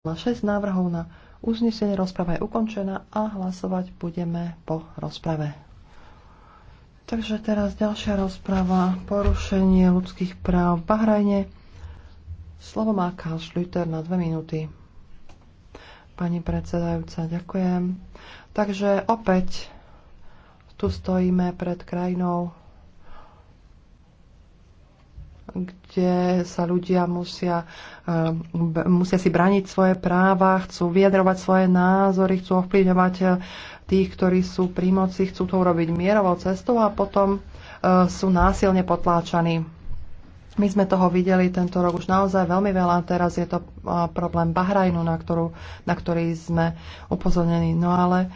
Na 6 návrhov na uznesenie, rozprava je ukončená a hlasovať budeme po rozprave. Takže teraz ďalšia rozprava, porušenie ľudských práv v Bahrajne. Slovo má Karl Schlüter na dve minúty. Pani predsedajúca, ďakujem. Takže opäť tu stojíme pred krajinou, kde sa ľudia musia, eh, musia si braniť svoje práva, chcú vyjadrovať svoje názory, chcú ovplyvňovať eh, tých, ktorí sú pri moci, chcú to urobiť mierovou cestou a potom eh, sú násilne potláčaní. My sme toho videli tento rok už naozaj veľmi veľa. Teraz je to problém Bahrajnu, na, ktorú, na ktorý sme upozornení. No ale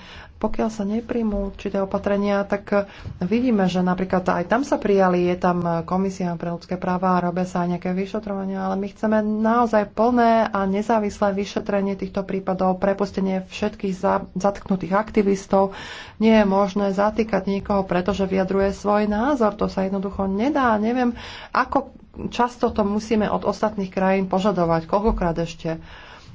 pokiaľ sa nepríjmú určité opatrenia, tak vidíme, že napríklad aj tam sa prijali, je tam komisia pre ľudské práva a robia sa aj nejaké vyšetrovania, ale my chceme naozaj plné a nezávislé vyšetrenie týchto prípadov, prepustenie všetkých za, zatknutých aktivistov. Nie je možné zatýkať niekoho, pretože vyjadruje svoj názor. To sa jednoducho nedá. Neviem, ako často to musíme od ostatných krajín požadovať, koľkokrát ešte.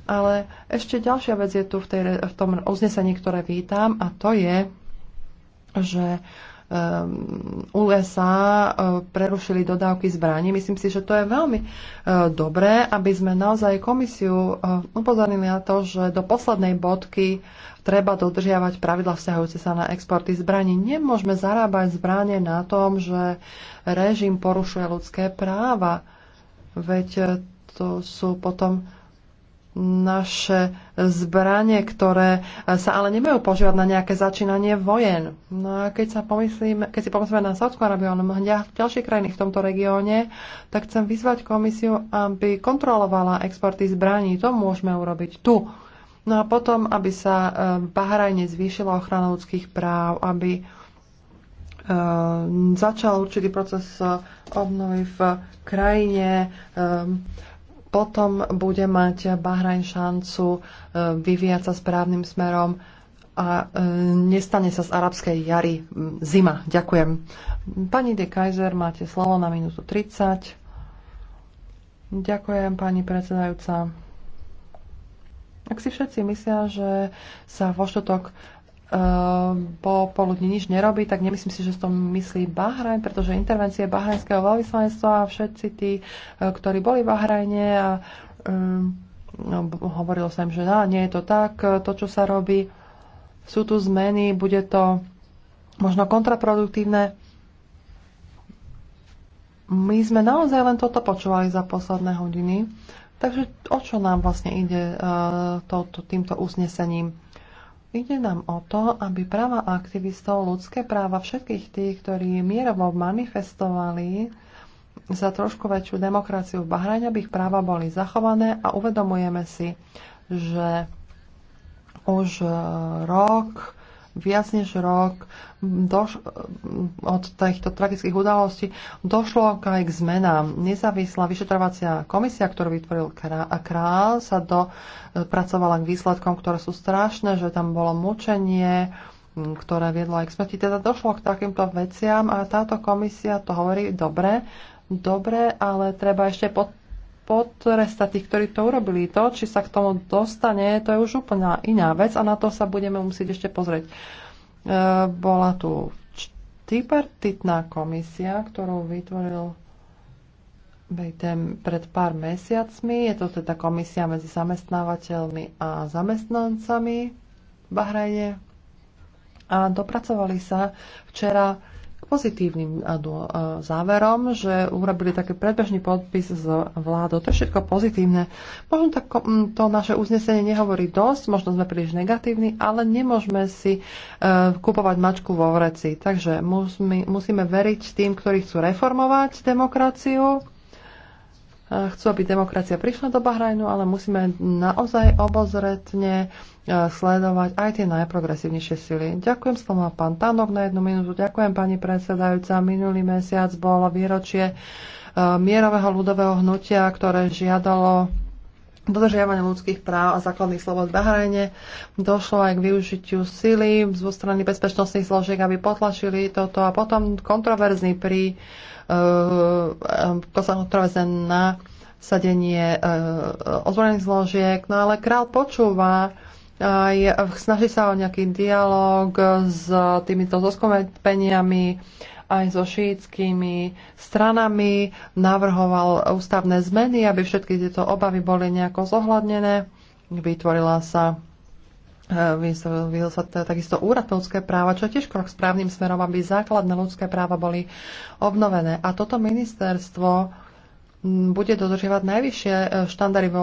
Ale ešte ďalšia vec je tu v, tej, v tom uznesení, ktoré vítam, a to je, že ehm, USA e, prerušili dodávky zbraní. Myslím si, že to je veľmi e, dobré, aby sme naozaj komisiu e, upozornili na to, že do poslednej bodky treba dodržiavať pravidla vzťahujúce sa na exporty zbraní. Nemôžeme zarábať zbranie na tom, že režim porušuje ľudské práva. Veď to sú potom naše zbranie, ktoré sa ale nemajú používať na nejaké začínanie vojen. No a keď, sa pomyslím, keď si pomyslíme na Saudskú Arabiu v ďalšie krajiny v tomto regióne, tak chcem vyzvať komisiu, aby kontrolovala exporty zbraní. To môžeme urobiť tu. No a potom, aby sa v e, Bahrajne zvýšila ochrana ľudských práv, aby e, začal určitý proces e, obnovy v krajine, potom bude mať Bahrajn šancu e, vyvíjať sa správnym smerom a e, nestane sa z arabskej jary zima. Ďakujem. Pani de Kaiser, máte slovo na minútu 30. Ďakujem, pani predsedajúca. Ak si všetci myslia, že sa vo štotok Eh, po poludni nič nerobí, tak nemyslím si, že to myslí Bahrajn, pretože intervencie bahrajnského veľvyslanectva a všetci tí, eh, ktorí boli v Bahrajne a um, hovorilo sa im, že no, nie je to tak, to, čo sa robí, sú tu zmeny, bude to možno kontraproduktívne. My sme naozaj len toto počúvali za posledné hodiny, takže o čo nám vlastne ide uh, to, to, týmto uznesením? Ide nám o to, aby práva aktivistov, ľudské práva všetkých tých, ktorí mierovo manifestovali za trošku väčšiu demokraciu v Bahrajne, aby ich práva boli zachované a uvedomujeme si, že už rok viac než rok doš- od týchto tragických udalostí došlo aj k zmenám. Nezávislá vyšetrovacia komisia, ktorú vytvoril král, sa dopracovala e, k výsledkom, ktoré sú strašné, že tam bolo mučenie, ktoré viedlo aj k smrti. Teda došlo k takýmto veciam a táto komisia to hovorí dobre, dobre, ale treba ešte pod, potrestať tých, ktorí to urobili. To, či sa k tomu dostane, to je už úplne iná vec a na to sa budeme musieť ešte pozrieť. E, bola tu tripartitná komisia, ktorú vytvoril pred pár mesiacmi. Je to teda komisia medzi zamestnávateľmi a zamestnancami v Bahrajne. A dopracovali sa včera pozitívnym záverom, že urobili taký predbežný podpis z vládou. To je všetko pozitívne. Možno tak mm, to naše uznesenie nehovorí dosť, možno sme príliš negatívni, ale nemôžeme si e, kupovať mačku vo vreci. Takže musíme veriť tým, ktorí chcú reformovať demokraciu, Chcú, aby demokracia prišla do Bahrajnu, ale musíme naozaj obozretne e, sledovať aj tie najprogresívnejšie sily. Ďakujem slovo pán Tanok na jednu minútu. Ďakujem pani predsedajúca. Minulý mesiac bolo výročie e, mierového ľudového hnutia, ktoré žiadalo dodržiavania ľudských práv a základných slobod v Bahrajne. Došlo aj k využitiu sily zo strany bezpečnostných zložiek, aby potlačili toto a potom kontroverzný pri uh, na sadenie uh, ozbrojených zložiek, no ale král počúva aj snaží sa o nejaký dialog s týmito zoskompeniami aj so šíitskými stranami, navrhoval ústavné zmeny, aby všetky tieto obavy boli nejako zohľadnené. Vytvorila sa e, vyhlásil sa takisto úrad pre ľudské práva, čo je tiež krok správnym smerom, aby základné ľudské práva boli obnovené. A toto ministerstvo bude dodržiavať najvyššie e, štandardy v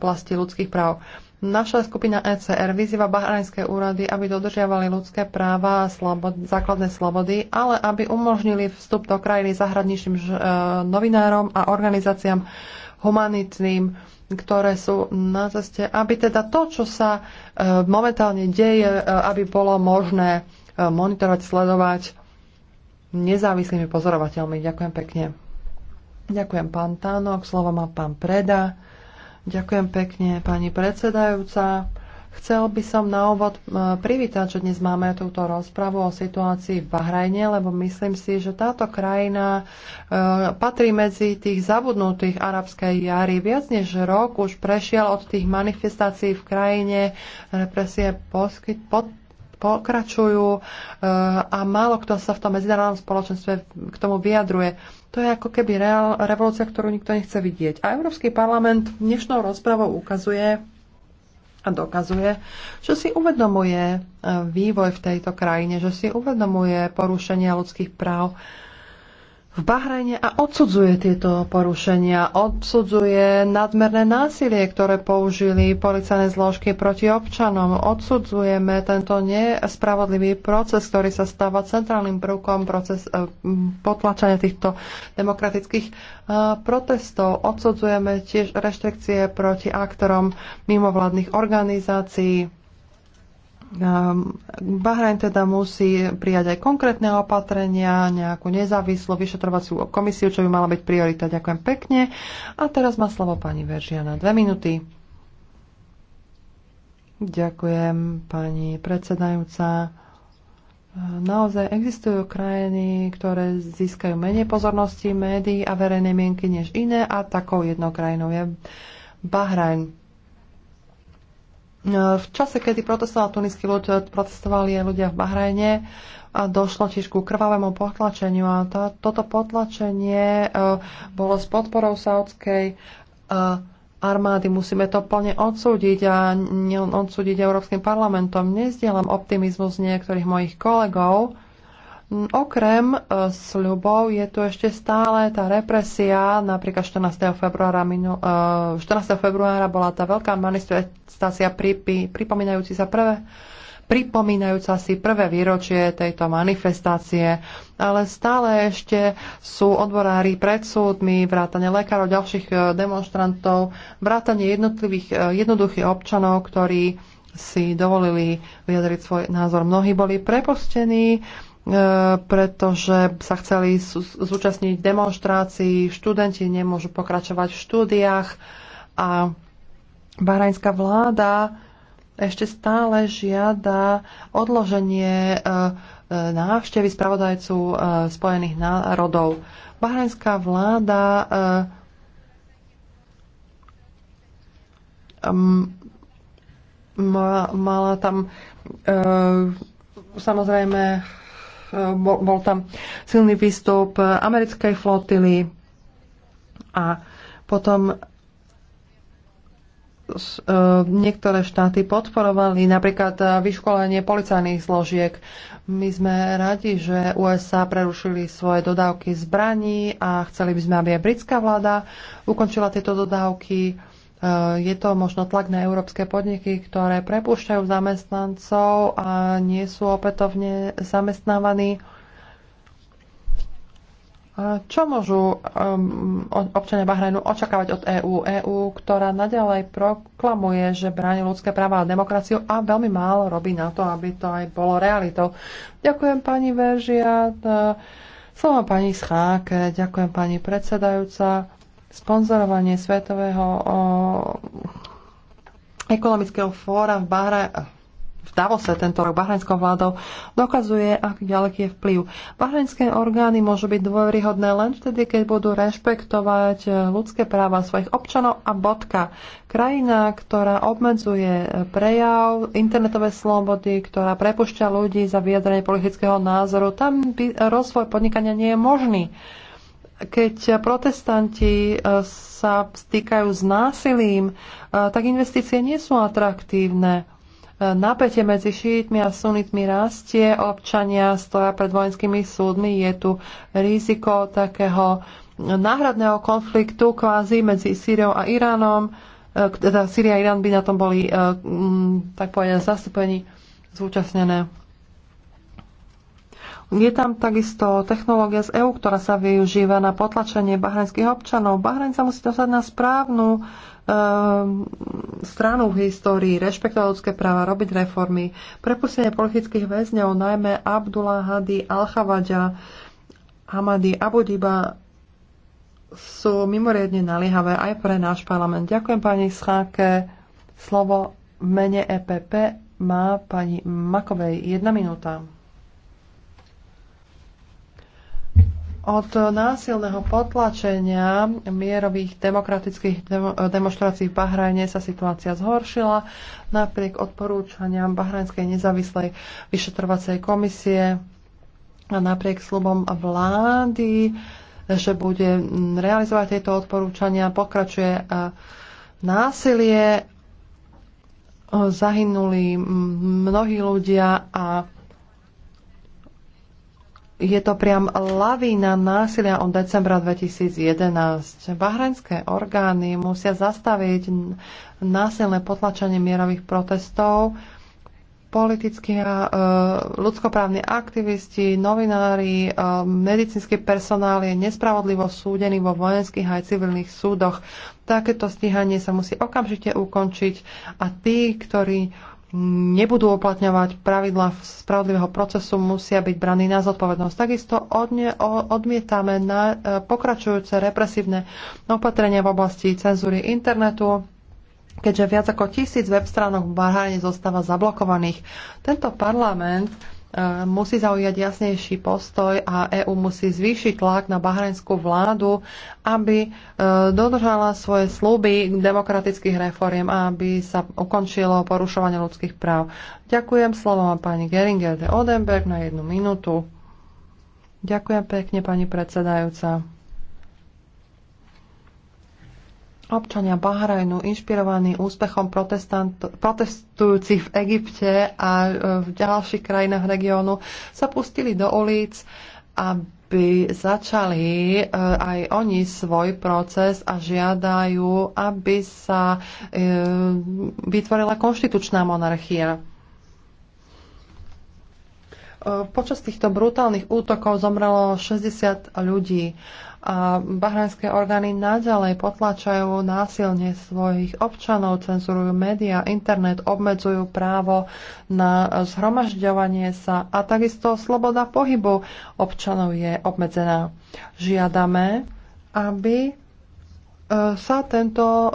oblasti ľudských práv. Naša skupina ECR vyzýva bahrajnské úrady, aby dodržiavali ľudské práva a slobod, základné slobody, ale aby umožnili vstup do krajiny zahraničným e, novinárom a organizáciám humanitným, ktoré sú na ceste, aby teda to, čo sa e, momentálne deje, e, aby bolo možné monitorovať, sledovať nezávislými pozorovateľmi. Ďakujem pekne. Ďakujem pán Tánok, slovo má pán Preda. Ďakujem pekne, pani predsedajúca. Chcel by som na úvod e, privítať, že dnes máme túto rozpravu o situácii v Bahrajne, lebo myslím si, že táto krajina e, patrí medzi tých zabudnutých arabskej jary. Viac než rok už prešiel od tých manifestácií v krajine, represie poskyt, pod, pokračujú eh, a málo kto sa v tom medzinárodnom spoločenstve k tomu vyjadruje. To je ako keby reál, revolúcia, ktorú nikto nechce vidieť. A Európsky parlament dnešnou rozprávou ukazuje a dokazuje, že si uvedomuje eh, vývoj v tejto krajine, že si uvedomuje porušenia ľudských práv, v Bahrajne a odsudzuje tieto porušenia, odsudzuje nadmerné násilie, ktoré použili policajné zložky proti občanom. Odsudzujeme tento nespravodlivý proces, ktorý sa stáva centrálnym prvkom proces eh, potlačania týchto demokratických eh, protestov. Odsudzujeme tiež reštrikcie proti aktorom mimovládnych organizácií Ehm, Bahrajn teda musí prijať aj konkrétne opatrenia, nejakú nezávislú vyšetrovaciu komisiu, čo by mala byť priorita. Ďakujem pekne. A teraz má slovo pani Veržia na dve minúty. Ďakujem, pani predsedajúca. Ehm, naozaj existujú krajiny, ktoré získajú menej pozornosti médií a verejnej mienky než iné a takou jednou krajinou je Bahrajn. V čase, kedy protestoval tuniský ľud, protestovali aj ľudia v Bahrajne a došlo tiež ku krvavému potlačeniu. A tá, toto potlačenie uh, bolo s podporou saudskej uh, armády. Musíme to plne odsúdiť a odsúdiť Európskym parlamentom. Nezdielam optimizmus niektorých mojich kolegov, Mm, okrem e, sľubov je tu ešte stále tá represia. Napríklad 14. februára, 14. E, februára bola tá veľká manifestácia pripomínajúci sa prvé pripomínajúca si prvé výročie tejto manifestácie, ale stále ešte sú odborári pred súdmi, vrátane lekárov, ďalších e, demonstrantov, vrátane jednotlivých jednoduchých občanov, ktorí si dovolili vyjadriť svoj názor. Mnohí boli prepustení, E, pretože sa chceli zúčastniť demonstrácií, študenti nemôžu pokračovať v štúdiách a bahrajnská vláda ešte stále žiada odloženie e, e, návštevy spravodajcu Spojených národov. Bahrajnská vláda mala tam samozrejme Eh, bol, bol tam silný výstup americkej flotily a potom eh, niektoré štáty podporovali napríklad eh, vyškolenie policajných zložiek. My sme radi, že USA prerušili svoje dodávky zbraní a chceli by sme, aby aj britská vláda ukončila tieto dodávky. Eh, je to možno tlak na európske podniky, ktoré prepúšťajú zamestnancov a nie sú opätovne zamestnávaní. Čo môžu občania Bahrajnu očakávať od EÚ? EÚ, ktorá naďalej proklamuje, že bráni ľudské práva a demokraciu a veľmi málo robí na to, aby to aj bolo realitou. Ďakujem pani Veržia, eh, slovo pani Scháke, ďakujem pani predsedajúca sponzorovanie Svetového o, ekonomického fóra v, Bahre v Davose tento rok bahrajnskou vládou dokazuje, aký ďaleký je vplyv. Bahrajnské orgány môžu byť dôveryhodné len vtedy, keď budú rešpektovať e, ľudské práva svojich občanov a bodka. Krajina, ktorá obmedzuje prejav, internetové slobody, ktorá prepušťa ľudí za vyjadrenie politického názoru, tam by e, rozvoj podnikania nie je možný keď protestanti e, sa stýkajú s násilím, e, tak investície nie sú atraktívne. E, napätie medzi šítmi a sunitmi rastie, občania stoja pred vojenskými súdmi, je tu riziko takého náhradného konfliktu kvázi medzi Sýriou a Iránom. Teda Sýria a Irán by na tom boli, tak povedané, zastúpení zúčastnené. Je tam takisto technológia z EU, ktorá sa využíva na potlačenie bahrajnských občanov. Bahrajn sa musí dostať na správnu ehm, stranu v histórii, rešpektovať ľudské práva, robiť reformy. Prepustenie politických väzňov, najmä Abdullah Hadi Al-Khawaja, Hamadi Diba sú mimoriadne naliehavé aj pre náš parlament. Ďakujem pani Scháke. Slovo v mene EPP má pani Makovej. Jedna minúta. Od násilného potlačenia mierových demokratických demonstrácií v Bahrajne sa situácia zhoršila. Napriek odporúčaniam Bahrajnskej nezávislej vyšetrovacej komisie a napriek slubom vlády, že bude realizovať tieto odporúčania, pokračuje e, násilie. Zahynuli mnohí ľudia a je to priam lavína násilia od decembra 2011. Bahrajnské orgány musia zastaviť násilné potlačenie mierových protestov. Politickí a e, ľudskoprávni aktivisti, novinári, e, medicínsky personál je nespravodlivo súdený vo vojenských aj civilných súdoch. Takéto stíhanie sa musí okamžite ukončiť a tí, ktorí nebudú uplatňovať pravidla spravodlivého procesu, musia byť braní na zodpovednosť. Takisto odne, odmietame na e, pokračujúce represívne opatrenia v oblasti cenzúry internetu, keďže viac ako tisíc web stránok v Bahrajne zostáva zablokovaných. Tento parlament E, musí zaujať jasnejší postoj a EÚ musí zvýšiť tlak na bahrajnskú vládu, aby e, dodržala svoje sluby demokratických reforiem a aby sa ukončilo porušovanie ľudských práv. Ďakujem slovom pani Geringer de Odenberg na jednu minútu. Ďakujem pekne, pani predsedajúca. Občania Bahrajnu, inšpirovaní úspechom protestujúcich v Egypte a e, v ďalších krajinách regiónu, sa pustili do ulic, aby začali e, aj oni svoj proces a žiadajú, aby sa e, vytvorila konštitučná monarchia. E, počas týchto brutálnych útokov zomrelo 60 ľudí a bahrajnské orgány naďalej potlačajú násilne svojich občanov, cenzurujú médiá, internet, obmedzujú právo na zhromažďovanie sa a takisto sloboda pohybu občanov je obmedzená. Žiadame, aby e, sa tento, e,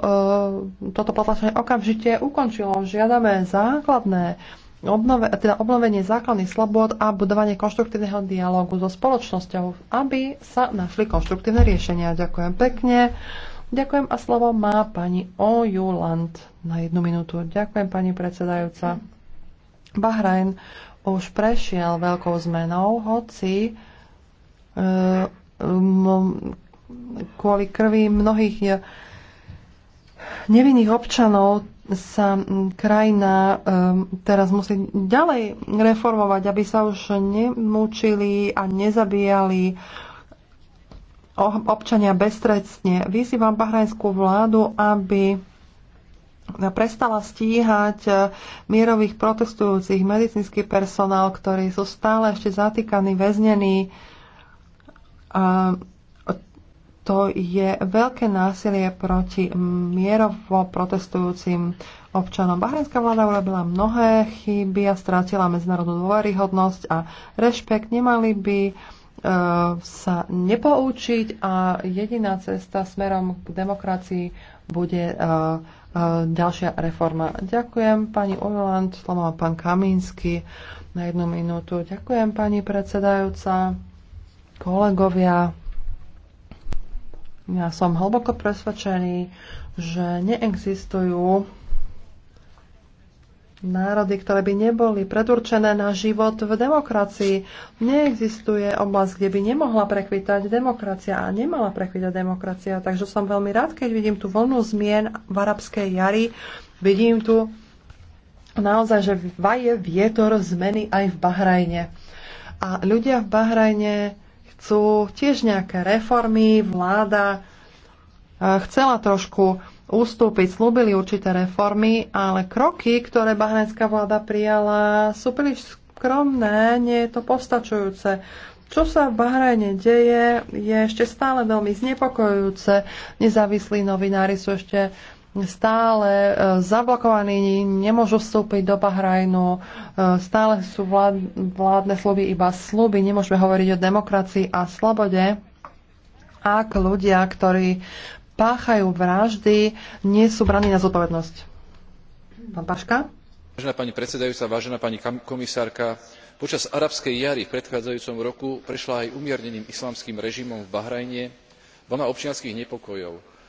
toto potlačenie okamžite ukončilo. Žiadame základné obnove, teda obnovenie základných slobod a budovanie konštruktívneho dialógu so spoločnosťou, aby sa našli konštruktívne riešenia. Ďakujem pekne. Ďakujem a slovo má pani Ojuland na jednu minútu. Ďakujem pani predsedajúca. Bahrajn už prešiel veľkou zmenou, hoci uh, um, kvôli krvi mnohých eh, nevinných občanov sa krajina ehm, teraz musí ďalej reformovať, aby sa už nemúčili a nezabíjali občania bestrecne. Vyzývam bahrajskú vládu, aby prestala stíhať eh, mierových protestujúcich medicínsky personál, ktorí sú stále ešte zatýkaní, väznení to je veľké násilie proti mierovo protestujúcim občanom. Bahrajnská vláda urobila mnohé chyby a strátila medzinárodnú dôveryhodnosť a rešpekt. Nemali by e, sa nepoučiť a jediná cesta smerom k demokracii bude e, e, ďalšia reforma. Ďakujem pani Ujland, slovo pán Kamínsky na jednu minútu. Ďakujem pani predsedajúca, kolegovia ja som hlboko presvedčený, že neexistujú národy, ktoré by neboli predurčené na život v demokracii. Neexistuje oblasť, kde by nemohla prekvitať demokracia a nemala prekvitať demokracia. Takže som veľmi rád, keď vidím tú vlnu zmien v arabskej jari. Vidím tu naozaj, že vaje vietor zmeny aj v Bahrajne. A ľudia v Bahrajne chcú tiež nejaké reformy, vláda e, chcela trošku ústúpiť, slúbili určité reformy, ale kroky, ktoré bahrajnská vláda prijala, sú príliš skromné, nie je to postačujúce. Čo sa v Bahrajne deje, je ešte stále veľmi znepokojujúce. Nezávislí novinári sú ešte stále e, zablokovaní, nemôžu vstúpiť do Bahrajnu, e, stále sú vládne sluby iba sluby, nemôžeme hovoriť o demokracii a slobode, ak ľudia, ktorí páchajú vraždy, nie sú braní na zodpovednosť. Pán Paška? Vážená pani predsedajúca, vážená pani komisárka, počas arabskej jary v predchádzajúcom roku prešla aj umierneným islamským režimom v Bahrajne vlna občianských nepokojov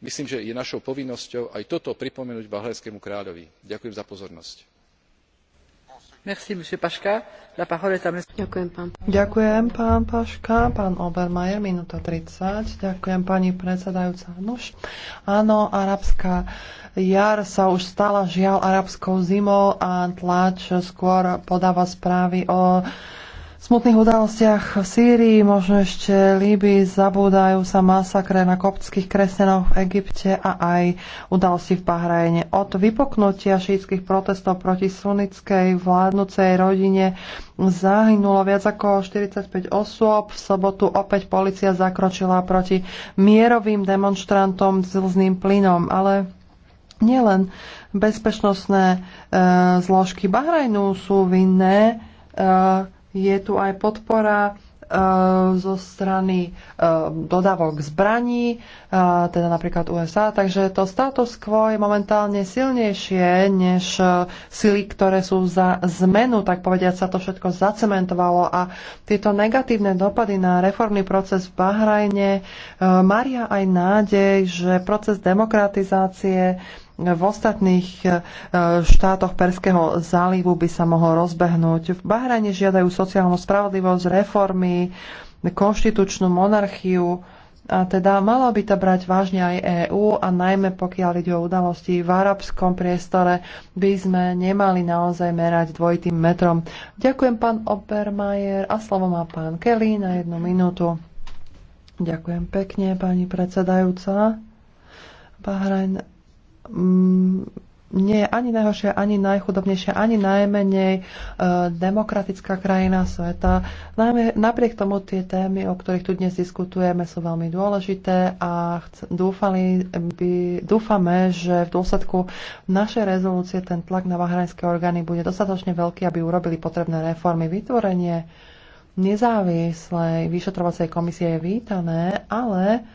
myslím že je našou povinnosťou aj toto pripomenúť bahrajnskému kráľovi. ďakujem za pozornosť. Ďakujem, pán Paška. Pán Obermajer, minúta Ďakujem, pani predsedajúca. Nož, áno, arabská jar sa už stala žiaľ arabskou zimou a tlač skôr podáva správy o smutných udalostiach v Sýrii, možno ešte Líby, zabúdajú sa masakre na koptských kresťanoch v Egypte a aj udalosti v Bahrajne. Od vypoknutia šítskych protestov proti sunnickej vládnucej rodine zahynulo viac ako 45 osôb. V sobotu opäť policia zakročila proti mierovým demonstrantom s zlzným plynom, ale nielen bezpečnostné e, zložky Bahrajnu sú vinné e, je tu aj podpora e, zo strany e, dodávok zbraní, e, teda napríklad USA. Takže to status quo je momentálne silnejšie než sily, ktoré sú za zmenu, tak povediať sa to všetko zacementovalo a tieto negatívne dopady na reformný proces v Bahrajne maria aj nádej, že proces demokratizácie v ostatných e, štátoch Perského zálivu by sa mohol rozbehnúť. V Bahrajne žiadajú sociálnu spravodlivosť, reformy, konštitučnú monarchiu. A teda malo by to brať vážne aj EÚ a najmä pokiaľ ide o udalosti v arabskom priestore, by sme nemali naozaj merať dvojitým metrom. Ďakujem pán Obermajer a slovo má pán Kelly na jednu minútu. Ďakujem pekne, pani predsedajúca. Bahrajn Mm, nie je ani najhoršia, ani najchudobnejšia, ani najmenej e, demokratická krajina sveta. Najmä, napriek tomu tie témy, o ktorých tu dnes diskutujeme, sú veľmi dôležité a dúfali by, dúfame, že v dôsledku našej rezolúcie ten tlak na bahrajnské orgány bude dostatočne veľký, aby urobili potrebné reformy. Vytvorenie nezávislej vyšetrovacej komisie je vítané, ale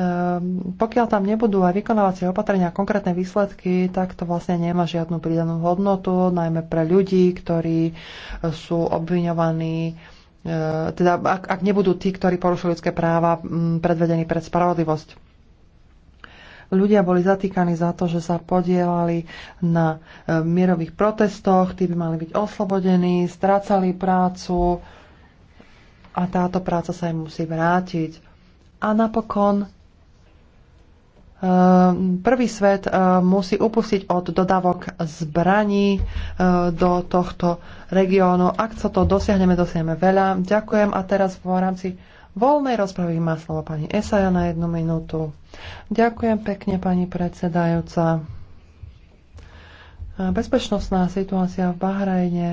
Ehm, pokiaľ tam nebudú aj vykonávacie opatrenia a konkrétne výsledky, tak to vlastne nemá žiadnu pridanú hodnotu, najmä pre ľudí, ktorí e, sú obviňovaní e, teda ak, ak nebudú tí, ktorí porušili ľudské práva, predvedení pred spravodlivosť ľudia boli zatýkaní za to, že sa podielali na e, mierových protestoch, tí by mali byť oslobodení, strácali prácu a táto práca sa im musí vrátiť. A napokon Ehm, prvý svet ehm, musí upustiť od dodávok zbraní ehm, do tohto regiónu. Ak sa to dosiahneme, dosiahneme veľa. Ďakujem a teraz v rámci voľnej rozpravy má slovo pani Esaja na jednu minútu. Ďakujem pekne, pani predsedajúca. Bezpečnostná situácia v Bahrajne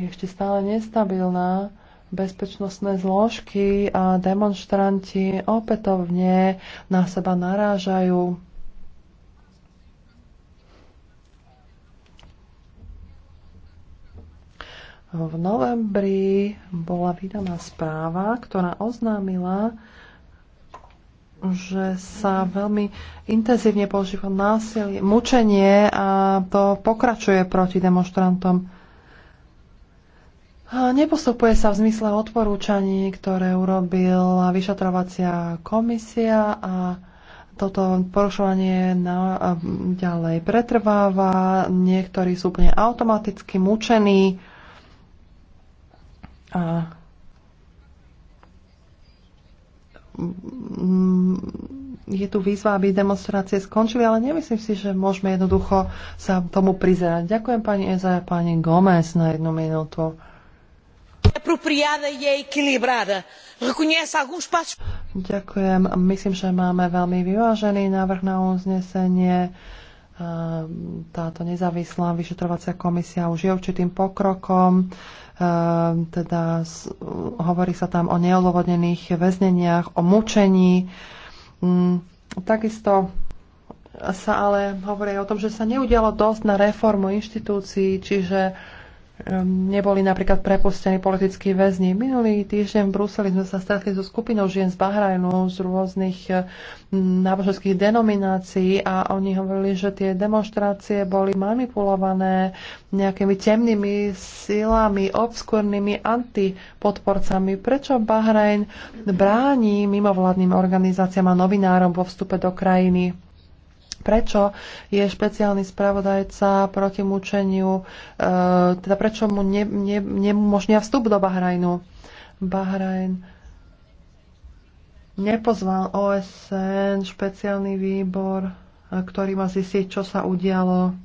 je ešte stále nestabilná bezpečnostné zložky a demonstranti opätovne na seba narážajú. V novembri bola vydaná správa, ktorá oznámila, že sa veľmi intenzívne používa násilie, mučenie a to pokračuje proti demonstrantom. Nepostupuje sa v zmysle odporúčaní, ktoré urobil vyšetrovacia komisia a toto porušovanie na, ďalej pretrváva. Niektorí sú úplne automaticky mučení. A mm, je tu výzva, aby demonstrácie skončili, ale nemyslím si, že môžeme jednoducho sa tomu prizerať. Ďakujem pani Eza a pani Gomez na jednu minútu apropriada e equilibrada. Reconhece alguns passos. Ďakujem. Myslím, že máme veľmi vyvážený návrh na uznesenie. Táto nezávislá vyšetrovacia komisia už je určitým pokrokom. Teda hovorí sa tam o neolovodnených väzneniach, o mučení. Mm, takisto sa ale hovorí o tom, že sa neudialo dosť na reformu inštitúcií, čiže Ehm, neboli napríklad prepustení politickí väzni. Minulý týždeň v Bruseli sme sa stretli so skupinou žien z Bahrajnu z rôznych ehm, náboženských denominácií a oni hovorili, že tie demonstrácie boli manipulované nejakými temnými silami, obskúrnymi antipodporcami. Prečo Bahrajn bráni mimovládnym organizáciám a novinárom vo vstupe do krajiny? prečo je špeciálny spravodajca proti mučeniu, e, teda prečo mu ne, ne, nemožnia vstup do Bahrajnu. Bahrajn nepozval OSN, špeciálny výbor, e, ktorý má zistiť, čo sa udialo.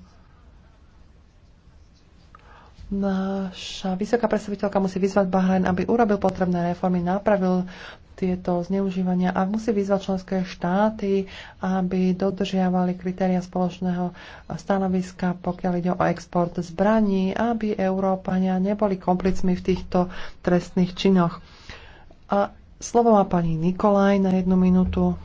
Naša vysoká predstaviteľka musí vyzvať Bahrajn, aby urobil potrebné reformy, napravil tieto zneužívania a musí vyzvať členské štáty, aby dodržiavali kritéria spoločného stanoviska, pokiaľ ide o export zbraní, aby Európania neboli komplicmi v týchto trestných činoch. A slovo má pani Nikolaj na jednu minútu.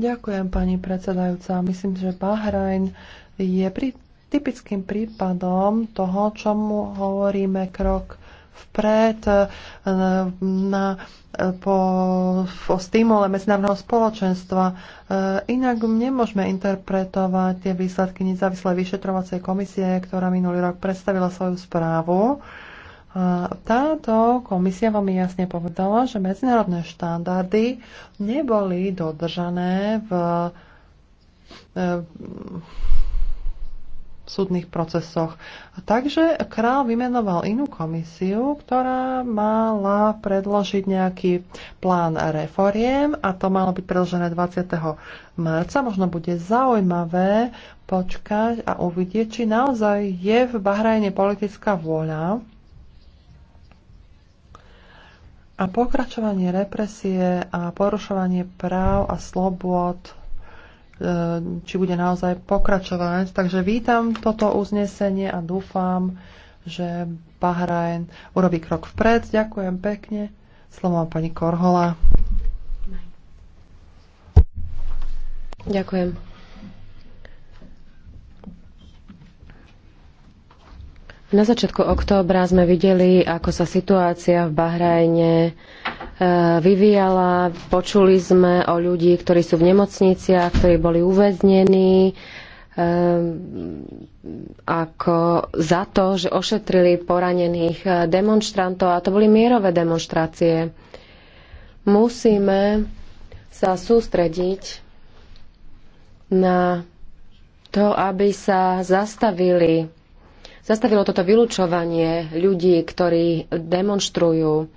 Ďakujem, pani predsedajúca. Myslím, že Bahrajn je pri typickým prípadom toho, čomu hovoríme krok vpred e, na, e, po, po stimule medzinárodného spoločenstva. E, inak nemôžeme interpretovať tie výsledky nezávislej vyšetrovacej komisie, ktorá minulý rok predstavila svoju správu. Táto komisia veľmi jasne povedala, že medzinárodné štandardy neboli dodržané v súdnych procesoch. Takže král vymenoval inú komisiu, ktorá mala predložiť nejaký plán reforiem a to malo byť predložené 20. marca. Možno bude zaujímavé počkať a uvidieť, či naozaj je v Bahrajne politická vôľa a pokračovanie represie a porušovanie práv a slobod. E, či bude naozaj pokračovať. Takže vítam toto uznesenie a dúfam, že Bahrajn urobí krok vpred. Ďakujem pekne. Slovo má pani Korhola. Ďakujem. Na začiatku októbra sme videli, ako sa situácia v Bahrajne e, vyvíjala. Počuli sme o ľudí, ktorí sú v nemocniciach, ktorí boli uväznení e, ako za to, že ošetrili poranených e, demonstrantov a to boli mierové demonstrácie. Musíme sa sústrediť na to, aby sa zastavili zastavilo toto vylúčovanie ľudí, ktorí demonstrujú.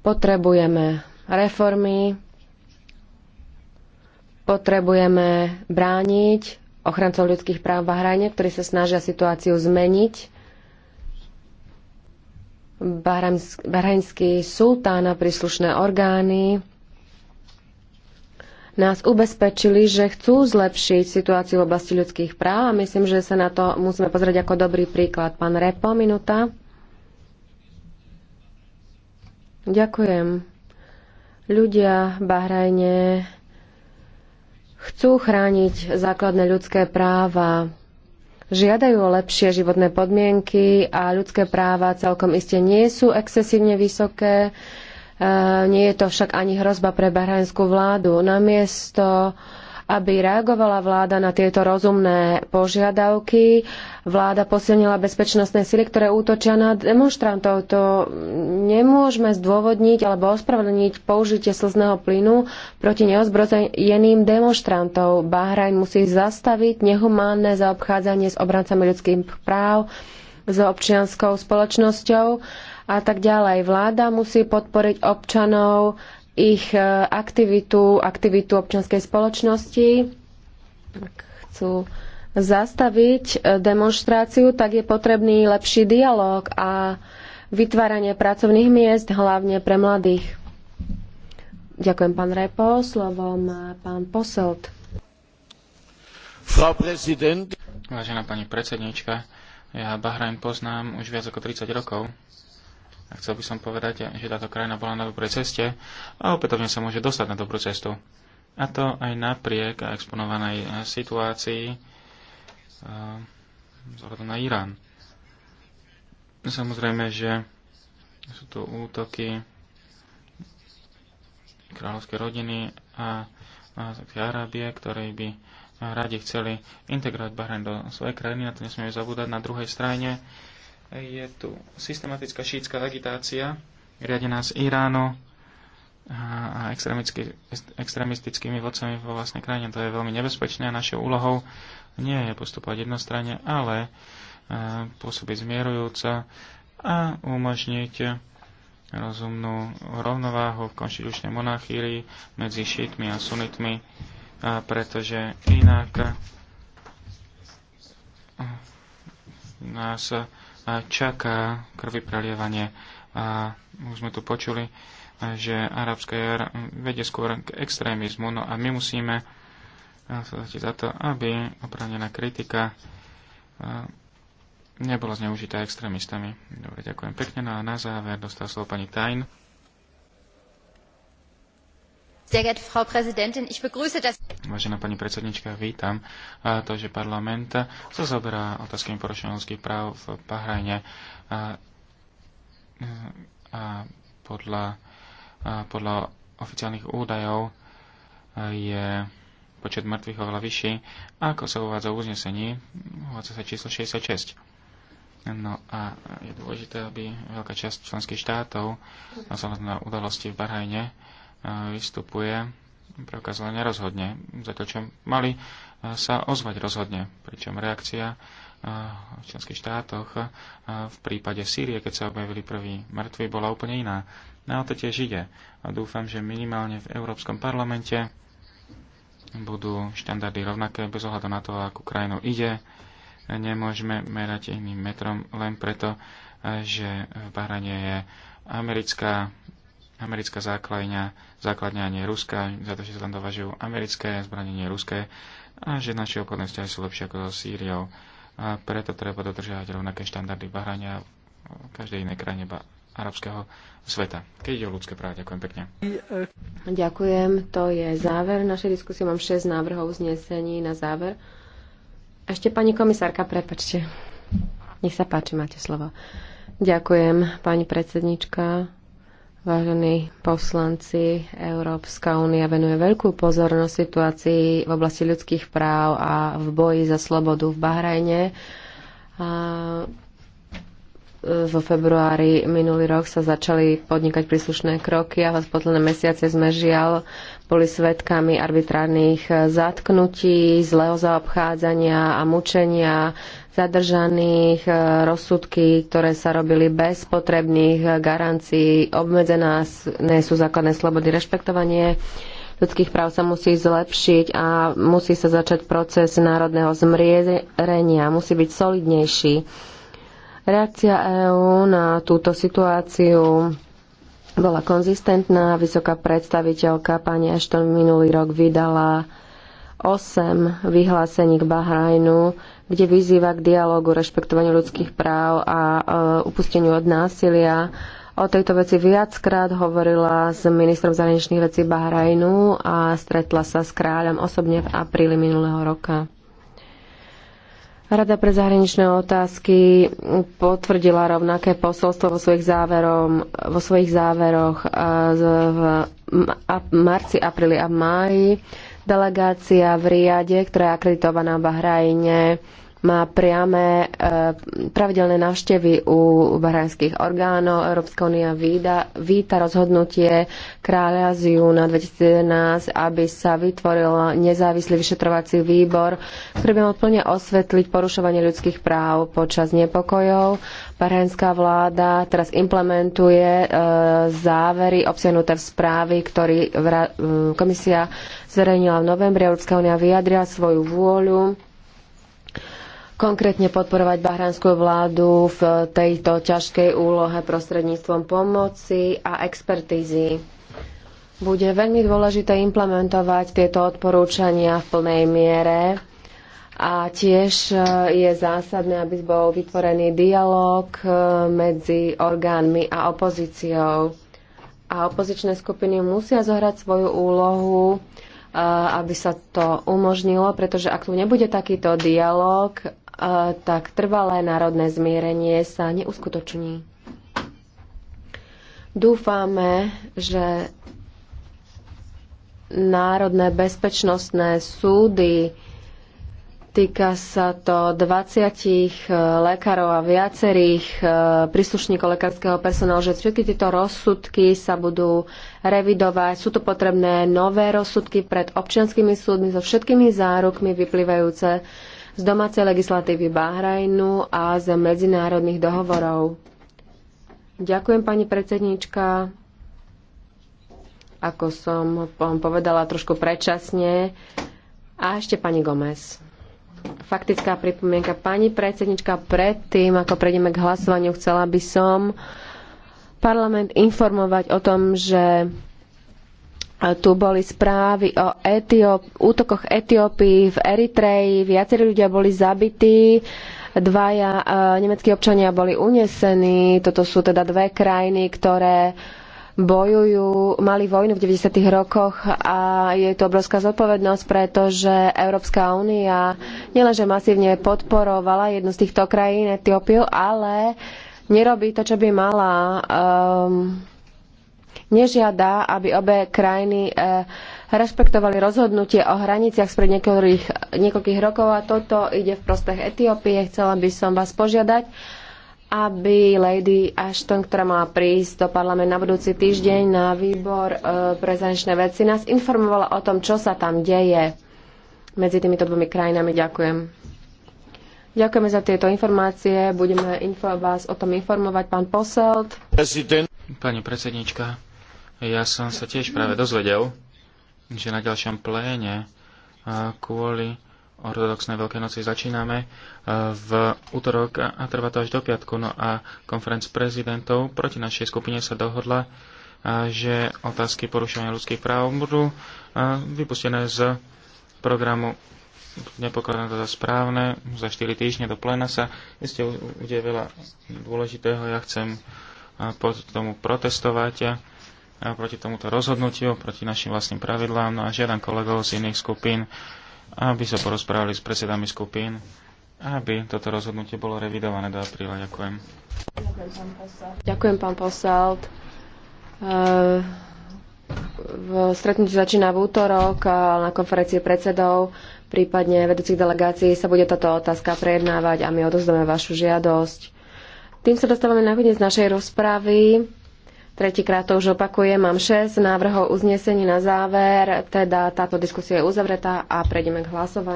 Potrebujeme reformy, potrebujeme brániť ochrancov ľudských práv v Bahrajne, ktorí sa snažia situáciu zmeniť. Bahrajnský sultán a príslušné orgány nás ubezpečili, že chcú zlepšiť situáciu v oblasti ľudských práv a myslím, že sa na to musíme pozrieť ako dobrý príklad. Pán Repo, minúta. Ďakujem. Ľudia v Bahrajne chcú chrániť základné ľudské práva, žiadajú o lepšie životné podmienky a ľudské práva celkom iste nie sú excesívne vysoké. Eh, nie je to však ani hrozba pre bahrajnskú vládu. Namiesto aby reagovala vláda na tieto rozumné požiadavky. Vláda posilnila bezpečnostné sily, ktoré útočia na demonstrantov. To nemôžeme zdôvodniť alebo ospravedlniť použitie slzného plynu proti neozbrojeným demonstrantov. Bahrajn musí zastaviť nehumánne zaobchádzanie s obrancami ľudských práv, s občianskou spoločnosťou a tak ďalej. Vláda musí podporiť občanov, ich e, aktivitu, aktivitu občianskej spoločnosti. Ak chcú zastaviť e, demonstráciu, tak je potrebný lepší dialog a vytváranie pracovných miest, hlavne pre mladých. Ďakujem, pán Repo. Slovo má pán Poselt. Vážená pani predsednička, ja Bahrajn poznám už viac ako 30 rokov a chcel by som povedať, že táto krajina bola na dobrej ceste a opätovne sa môže dostať na dobrú cestu. A to aj napriek exponovanej situácii eh, vzhľadom na Irán. Samozrejme, že sú tu útoky kráľovskej rodiny a, a Arábie, ktorí by radi chceli integrovať Bahrain do svojej krajiny. Na to nesmieme zabúdať. Na druhej strane je tu systematická šítska agitácia riadená z Iránu a extrémistickými vodcami vo vlastnej krajine. To je veľmi nebezpečné a našou úlohou nie je postupovať jednostranne, ale e, pôsobiť zmierujúca a umožniť rozumnú rovnováhu v konštitučnej monarchírii medzi šítmi a sunitmi, pretože inak nás čaká krvi prelievanie. A už sme tu počuli, že arabská jar vedie skôr k extrémizmu, no a my musíme sa za to, aby oprávnená kritika nebola zneužitá extrémistami. Dobre, ďakujem pekne. No a na záver dostal slovo pani Tajn. Vážená pani predsednička, vítam to, že parlament sa zaoberá otázkami porušenia ľudských práv v Bahrajne a, a podľa, a podľa oficiálnych údajov je počet mŕtvych oveľa vyšší, ako sa uvádza v uznesení, uvádza sa číslo 66. No a je dôležité, aby veľká časť členských štátov, vzhľadom na udalosti v Bahrajne, vystupuje preukázala len nerozhodne, zatiaľ čo mali sa ozvať rozhodne, pričom reakcia v členských štátoch v prípade Sýrie, keď sa objavili prví mŕtvi, bola úplne iná. Na no, to tiež ide. A dúfam, že minimálne v Európskom parlamente budú štandardy rovnaké bez ohľadu na to, akú krajinu ide. Nemôžeme merať iným metrom len preto, že v Bahrane je americká americká základňa, základňa nie ruská, za to, že sa tam dovažujú americké zbranie, nie ruské, a že naše obchodné vzťahy sú lepšie ako so Sýriou. A preto treba dodržiavať rovnaké štandardy bahrania v každej inej krajine arabského sveta. Keď ide o ľudské práva, ďakujem pekne. Ďakujem, to je záver našej diskusie. Mám 6 návrhov uznesení na záver. Ešte pani komisárka, prepačte. Nech sa páči, máte slovo. Ďakujem, pani predsednička. Vážení poslanci, Európska únia venuje veľkú pozornosť situácii v oblasti ľudských práv a v boji za slobodu v Bahrajne. A e, vo februári minulý rok sa začali podnikať príslušné kroky a v posledné mesiace sme žiaľ boli svetkami arbitrárnych e, zatknutí, zlého zaobchádzania a mučenia zadržaných, e, rozsudky, ktoré sa robili bez potrebných garancií, obmedzená nie sú základné slobody, rešpektovanie ľudských práv sa musí zlepšiť a musí sa začať proces národného zmrierenia, musí byť solidnejší. Reakcia EÚ na túto situáciu bola konzistentná. Vysoká predstaviteľka pani Ashton minulý rok vydala 8 vyhlásení k Bahrajnu, kde vyzýva k dialogu, rešpektovaniu ľudských práv a e, upusteniu od násilia. O tejto veci viackrát hovorila s ministrom zahraničných vecí Bahrajnu a stretla sa s kráľom osobne v apríli minulého roka. Rada pre zahraničné otázky potvrdila rovnaké posolstvo vo svojich, záverom, vo svojich záveroch e, v marci, apríli a máji. Delegácia v Riade, ktorá je akreditovaná v Bahrajne, má priame eh, pravidelné návštevy u bahrajnských orgánov. Európska únia vída, víta rozhodnutie kráľa z júna 2011, aby sa vytvoril nezávislý vyšetrovací výbor, ktorý by mal plne osvetliť porušovanie ľudských práv počas nepokojov. Bahrajnská vláda teraz implementuje eh, závery obsiahnuté v správy, ktorý eh, komisia zverejnila v novembri. Európska únia vyjadrila svoju vôľu konkrétne podporovať bahránskú vládu v tejto ťažkej úlohe prostredníctvom pomoci a expertízy. Bude veľmi dôležité implementovať tieto odporúčania v plnej miere a tiež eh, je zásadné, aby bol vytvorený dialog eh, medzi orgánmi a opozíciou. A opozičné skupiny musia zohrať svoju úlohu, eh, aby sa to umožnilo, pretože ak tu nebude takýto dialog tak trvalé národné zmierenie sa neuskutoční. Dúfame, že národné bezpečnostné súdy Týka sa to 20 e, lekárov a viacerých e, príslušníkov lekárskeho personálu, že všetky tieto rozsudky sa budú revidovať. Sú tu potrebné nové rozsudky pred občianskými súdmi so všetkými zárukmi vyplývajúce z domácej legislatívy Bahrajnu a z medzinárodných dohovorov. Ďakujem, pani predsednička. Ako som povedala trošku predčasne. A ešte pani Gomez. Faktická pripomienka. Pani predsednička, predtým, ako prejdeme k hlasovaniu, chcela by som parlament informovať o tom, že tu boli správy o Etióp, útokoch Etiópii v Eritreji, viacerí ľudia boli zabití, dvaja e, nemeckí občania boli unesení, toto sú teda dve krajiny, ktoré bojujú, mali vojnu v 90. rokoch a je to obrovská zodpovednosť, pretože Európska únia nielenže masívne podporovala jednu z týchto krajín, Etiópiu, ale nerobí to, čo by mala. Um, nežiada, aby obe krajiny eh, rešpektovali rozhodnutie o hraniciach spred niekoľkých, niekoľkých rokov a toto ide v prospech Etiópie. Chcela by som vás požiadať, aby Lady Ashton, ktorá má prísť do parlament na budúci týždeň na výbor eh, pre zahraničné veci, nás informovala o tom, čo sa tam deje medzi týmito dvomi krajinami. Ďakujem. Ďakujeme za tieto informácie. Budeme info vás o tom informovať pán Poselt. Pani predsednička, ja som sa tiež práve dozvedel, že na ďalšom pléne kvôli ortodoxnej Veľkej noci začíname v útorok a trvá to až do piatku. No a konferenc prezidentov proti našej skupine sa dohodla, že otázky porušovania ľudských práv budú vypustené z programu. Nepokladám to za správne. Za 4 týždne do pléna sa iste ude veľa dôležitého. Ja chcem pod tomu protestovať proti tomuto rozhodnutiu, proti našim vlastným pravidlám. No a žiadam kolegov z iných skupín, aby sa porozprávali s predsedami skupín, aby toto rozhodnutie bolo revidované do apríla. Ďakujem. Ďakujem, pán Posalt. Uh, e, v stretnutie začína v útorok na konferencii predsedov, prípadne vedúcich delegácií sa bude táto otázka prejednávať a my odozdáme vašu žiadosť. Tým sa dostávame na koniec našej rozpravy. Tretíkrát to už opakujem, mám 6 návrhov uznesení na záver, teda táto diskusia je uzavretá a prejdeme k hlasovaniu.